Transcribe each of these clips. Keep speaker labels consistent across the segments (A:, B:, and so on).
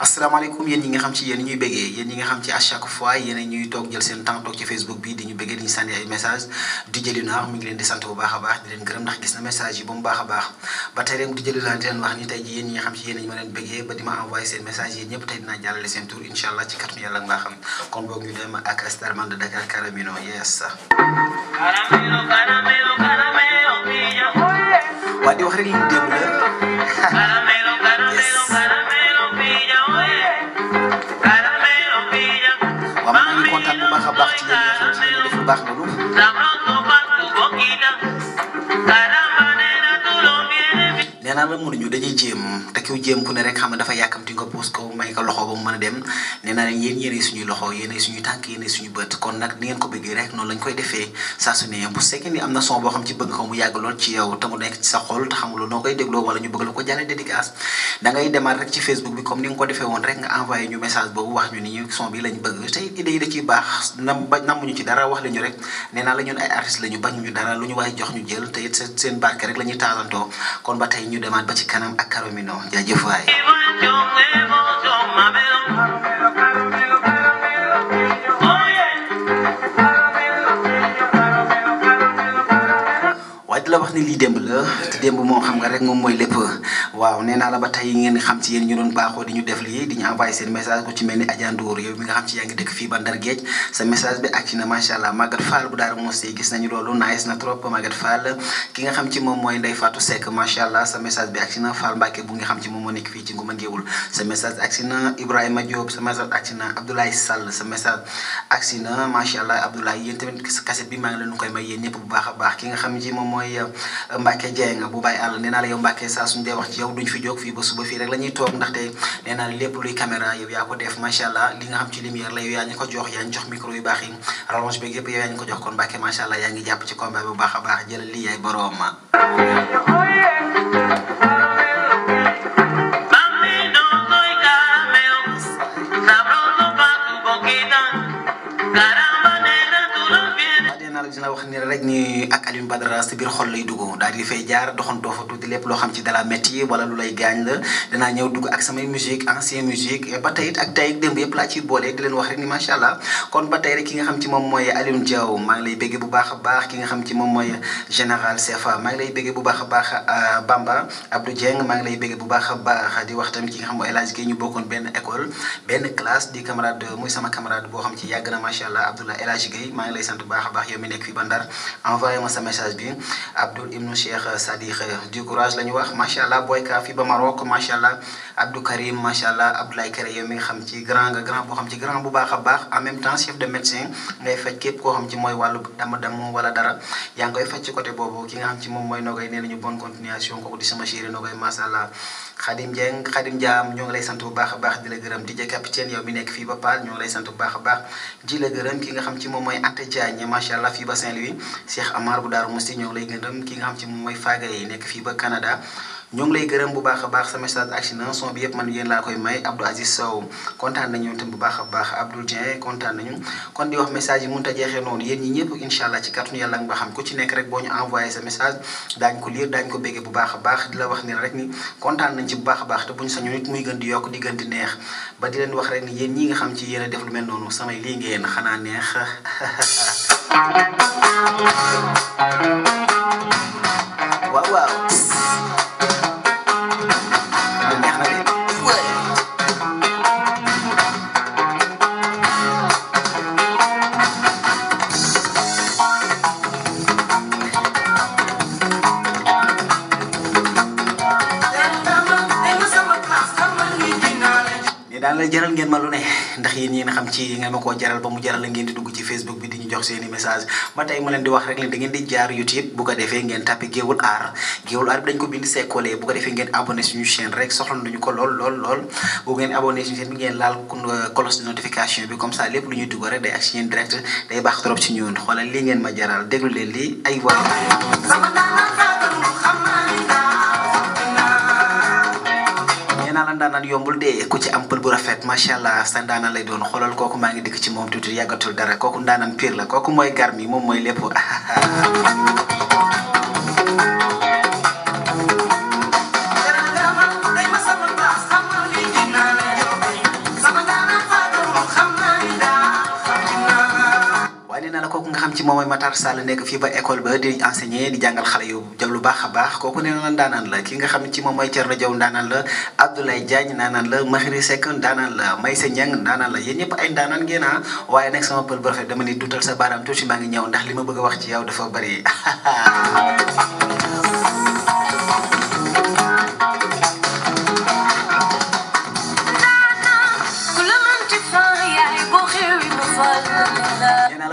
A: asalaamaaleykum yéen ñi nga xam ci yéen ñuy béggee yéen ñi nga xam ci à chaque fois yéen ñuy toog jël seen temps toog ci Facebook bi di ñu béggee di ñu sànni ay message di jëli naar ngi leen di sant bu baax a baax di leen gërëm ndax gis na message yi ba mu baax a baax ba tey rek di jëli naa di leen wax ni tey ji yéen ñi nga xam ci yéen ñu ma leen béggee ba di ma envoyé seen message yéen ñëpp tey dinaa jàllale seen tour incha allah ci kàttanu yàlla ak ne ñu dañuy jéem te kiw jéem ku ne rek xam ne dafa yàkkamti nga puus ko may ko loxo ba mu mën a dem nee naa da ngay ay artiste la bañ ñu dara lu ñu jox ñu jël te seen barke rek la ñuy taasantoo kon ba tey ñu demaat ba ci ci kanam ak Karomino jaajëf waay ni li dem démb la te démb mo xam nga rek moom mooy lépp waaw nee naa la ba tey ngeen xam ci yéen ñu doon baaxoo di ñu def li di ñu envoyé seen message ko ci mel ni Adja Ndour yow mi nga xam ci yaa ngi dëkk fii ba Ndar sa message bi ak ci na macha allah Maguette Fall bu daara mos gis nañu loolu nice na trop Maguette Fall ki nga xam ci moom mooy Ndeye Fatou sek macha allah sa message bi ak ci na Fall Mbacke bu nga xam ci moom moo nekk fii ci Nguma Ngéwul sa message ak ci na Ibrahima Diop sa message ak ci na Abdoulaye Sall sa message ak ci na macha allah Abdoulaye yéen tamit cassette bi maa ngi leen koy may yéen ñëpp bu baax a baax ki nga xam ci moom mooy Euh, Mbacke Dieng bu bàyyi àll nee naa la yow Mbacke saa suñu dee wax ci yow duñ fi jóg fii ba suba fii rek la ñuy toog ndaxte nee la lépp luy caméra yaa ko def macha allah li nga xam ci lumière la yow yaa ñu ko jox yaa ñu jox micro yu baax yi rallonge bi yëpp yaa ñu ko jox kon Mbacke macha allah yaa ngi jàpp ci combat bu baax a baax jëlal lii yaay boroom Alioune Badara si biir xol lay dugg daal di jaar doxantoo fa tuuti lépp loo xam ci dala métti wala lu lay gaañ la danaa ñëw dugg ak samay musique ancienne musique ba tey ak tey ak démb yëpp boole di leen wax rek ni macha allah kon ba tey rek ki maa ngi lay bégge bu baax a baax xam ci moom mooy général CFA maa ngi lay bégge bu baax a baax euh, Bamba Abdou Dieng maa ngi lay bégge bu baax a baax di wax tamit ki nga xam mooy El Hadj Guèye ñu bokkoon benn école benn classe di camarade muy sama camarade boo xam ci yàgg na macha allah Abdoulaye El a baax yow mi nekk ba Ndar message bi abdoul ibnu cheikh sadiq du courage lañu wax machallah boy ka fi ba maroc machallah abdou karim machallah abdoulaye kare yo mi xam ci grand nga grand bo xam ci grand bu baakha baax en même temps chef de médecin ngay fajj kep ko xam ci moy walu dam dam wala dara yang ngoy fajj ci côté bobu ki nga xam ci mom moy nogay nenañu bonne continuation ko di sama chéri nogay machallah khadim jeng khadim jam ñong lay bu baakha baax di la gëreum dj capitaine yow mi nek fi ba pal ñong lay bu baakha baax di la gëreum ki nga xam ci mom moy atta jagne machallah fi ba saint louis cheikh amar bu Daaru Musti ñoo lay gërëm ki nga xam ci moom mooy Faga yi nekk fii ba Canada ñoo lay gërëm bu baax a baax sama message agsi na son bi yëpp man may a baax Abdou Dieng kontaan nañu kon di wax message a jeexee noonu yéen ñi envoyé sa message daañu ko lire daañu ko béggee bu baax a baax di la wax ni rek ni kontaan nañ ci bu baax a baax te buñu sañu nit muy gën di yokk di neex ba di leen wax rek ni yéen ñi nga xam ci yéen a noonu samay lii ngeen xanaa neex Thank you. jaral ngeen ma lu ne ndax yeen yéen nga xam ci nga mako jaral ba mu jaral ngeen di dugg ci facebook bi di ñu jox seen message ba tay ma leen di wax rek leen da ngeen di jaar youtube bu ko defé ngeen tapé geewul ar geewul ar dañ ko bind sekkolee bu ko defé ngeen abonné ci ñu chaîne rek soxla nañu ko lol lol lol bu ngeen abonné ci chaîne ngeen laal euh, cloche de notification bi comme ça lepp lu ñu dugg rek day ak si ñeen direct day bax trop ci ñun xolal li ngeen ma jaral déglu leen li ay waa naa la ndaanaan yombul de ku ci am pël bu rafet macha allah sa ndaanaan lay doon xoolal kooku maa ngi dikk ci moom tuuti yàggatul dara kooku ndaanaan pire la kooku mooy garmi moom mooy lépp moom mooy Matar Sall nekk fii ba école ba di enseigner di jàngal xale yu jaw lu baax a baax kooku nee na ndaanaan la ki nga xam ne ci moom mooy Thierno Diaw ndaanaan la Abdoulaye Diagne ndaanaan la Mahiri Seck ndaanaan la Maysa Niang ndaanaan la yéen ñëpp ay ndaanaan ngeen ah waaye nag sama pël bu rafet dama ni duutal sa baaraam tuuti maa ngi ñëw ndax li ma bëgg a wax ci yow dafa bari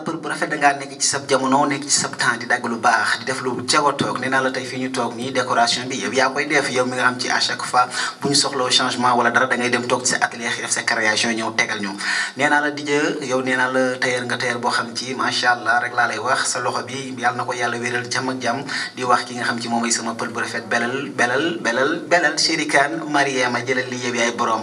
A: dara pour bu rafet da nga nek ci sab jamono nek ci sab temps di dag lu bax di def lu jago tok ne na la tay fi ñu tok ni décoration bi yow ya koy def yow mi nga xam ci à chaque fois bu ñu soxlo changement wala dara da ngay dem tok ci atelier xef sa création ñëw tegal ñu ne na la dijë yow ne na la tayer nga tayer bo xam ci macha allah rek la lay wax sa loxo bi yàlla nako yalla wéral jam ak jam di wax ki nga xam ci momay sama peul bu rafet belal belal belal belal chérikaan mariama jëlal li yeb yaay borom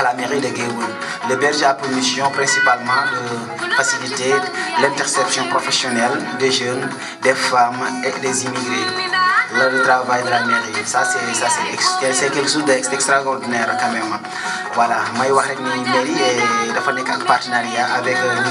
A: à la mairie de Guéoul. Le berger a pour mission principalement de faciliter l'interception professionnelle des jeunes, des femmes et des immigrés. Le travail de la mairie, ça c'est quelque chose d'extraordinaire quand même. voilà may wax rek la mairie eh, dafa suis partenariat avec euh, les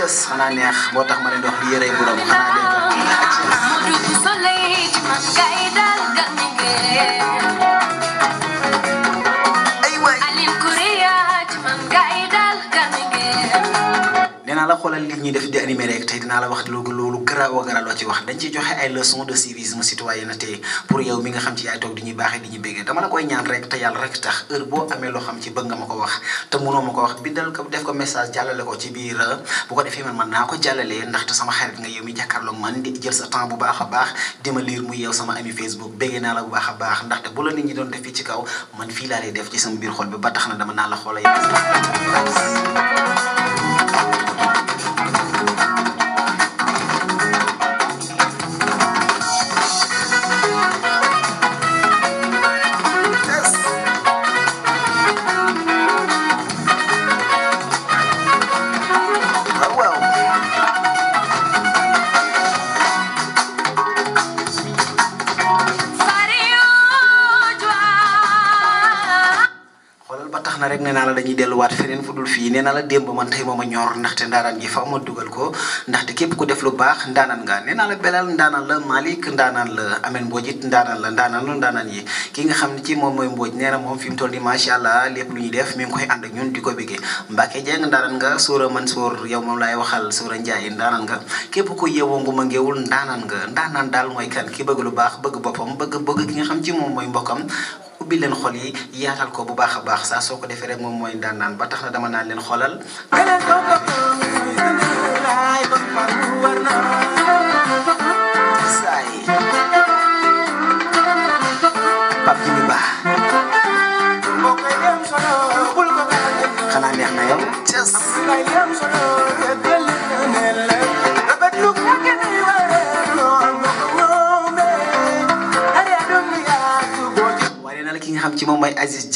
A: Thiès xanaa neex moo tax ma ne dox li yërey borom xanaa neex ak Thiès xoolal li ñuy def di animé rek tey dinaa la wax loolu loolu garaaw a garaaw loo ci wax dañ ciy joxe ay leçons de civisme citoyenneté pour yow mi nga xam ci yaay toog di ñuy baaxee di ñuy ko wax te mënoo ma ko wax bindal ko def ko message jàllale ko ci biir bu ko defee man man naa ko jàllalee ndaxte sama xarit nga yow mi jàkkaarloog man di jël sa temps bu baax a baax di ma lire mu yow sama ami Facebook béggee naa la bu baax a baax ndaxte bu la nit ñi doon def fii ci kaw man fii laa def ci sama biir xol bi ba tax na dama naa la xoola na rek nee naa la dañuy delu wat fenen fudul fi nee naa la man tay mooma ñor te ndaran gi faw ma dugal ko te kep ku def lu bax ndanan nga ne nala la belal ndanan la malik ndanan la amen bojit ndanan la ndanan lu ndanan yi ki nga xamni ci mom moy mbooj neena mom fim tolli ma sha allah lepp lu ñuy def mi ngi koy and ak ñun diko bege béggee mbàkke jeng ndaanaan nga sura mansur yow mom lay waxal sura njaay ndanan nga kep ku yewu ngu ma ngeewul ndanan nga ndanan dal moy kan ki bëgg lu bax bëgg bopam bëgg bëgg ki nga xam ci mom moy mbokam ubbi leen xol yi yaatal ko bu baax a baax saa soo ko defee rek moom mooy daan naan ba tax na dama naan leen xolal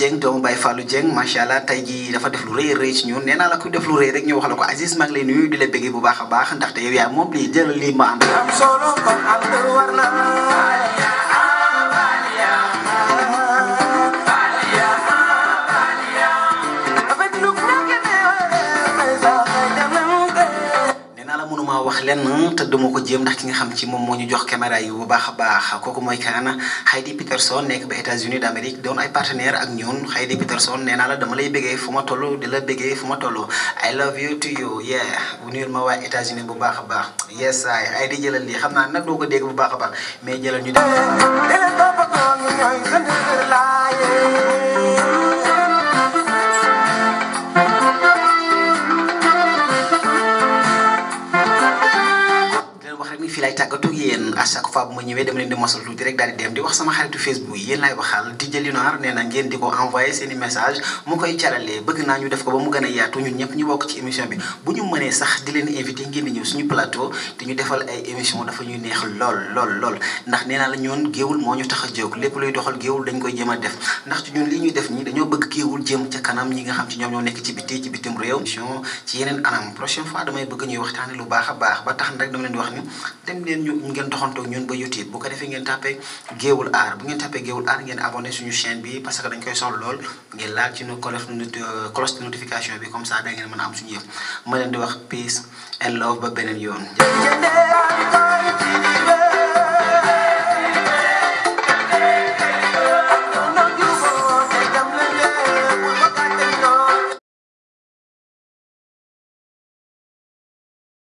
A: Dieng doomu Baye Fallou Dieng macha allah tey ji dafa def lu rëy rëy ñun nee naa la ku def lu rëy rek ñu wax la ko Aziz maa ngi lay nuyu di la bëggee bu baax a baax ndaxte yow yaa moom lii jël lii ma am. lenn te duma ko jëm ndax ki nga xam ci moom moo ñu jox caméra yi bu baax a baax kooku mooy kan Heidi Peterson nekk ba États-Unis d'Amérique doon ay partenaire ak ñun Heidi Peterson nee naa la dama lay bëggee fu ma toll di la bëggee fu ma toll I love you to you yeah bu nuyul ma waa États-Unis bu baax a baax yes ay di jëlal lii xam naa nag doo ko dégg bu baax a baax mais jëlal ñu dem bu ma ñëwee dama leen di mosal tuuti rek daal di dem ñu a yaatu ñun ñëpp ñu bokk ci émission bi bu ñu mënee sax di leen invité ngeen di ñëw suñu plateau te ñu defal ay émission dafa ñuy neex ñu tax a jóg lépp luy doxal a def ndax ci ñun li def ñi dañoo bëgg géewul jéem ca kanam ñi nga xam ci ñoom ñoo nekk ci biti ci bitim réew émission ci yeneen anam prochaine fois damay bëgg ñuy waxtaane lu baax a baax ba tax rek dama leen di wax ni dem leen ñu ngeen doxantoog ñun YouTube bu ko defee ngeen tàppee Géewul Art bu ngeen tàppee Géewul Art ngeen abonné suñu chaîne bi parce que dañ koy soxla lool ngeen laal ci nu cloche euh, notification bi comme ça da ngeen a am suñu yëpp ma leen di wax peace and love ba beneen yoon.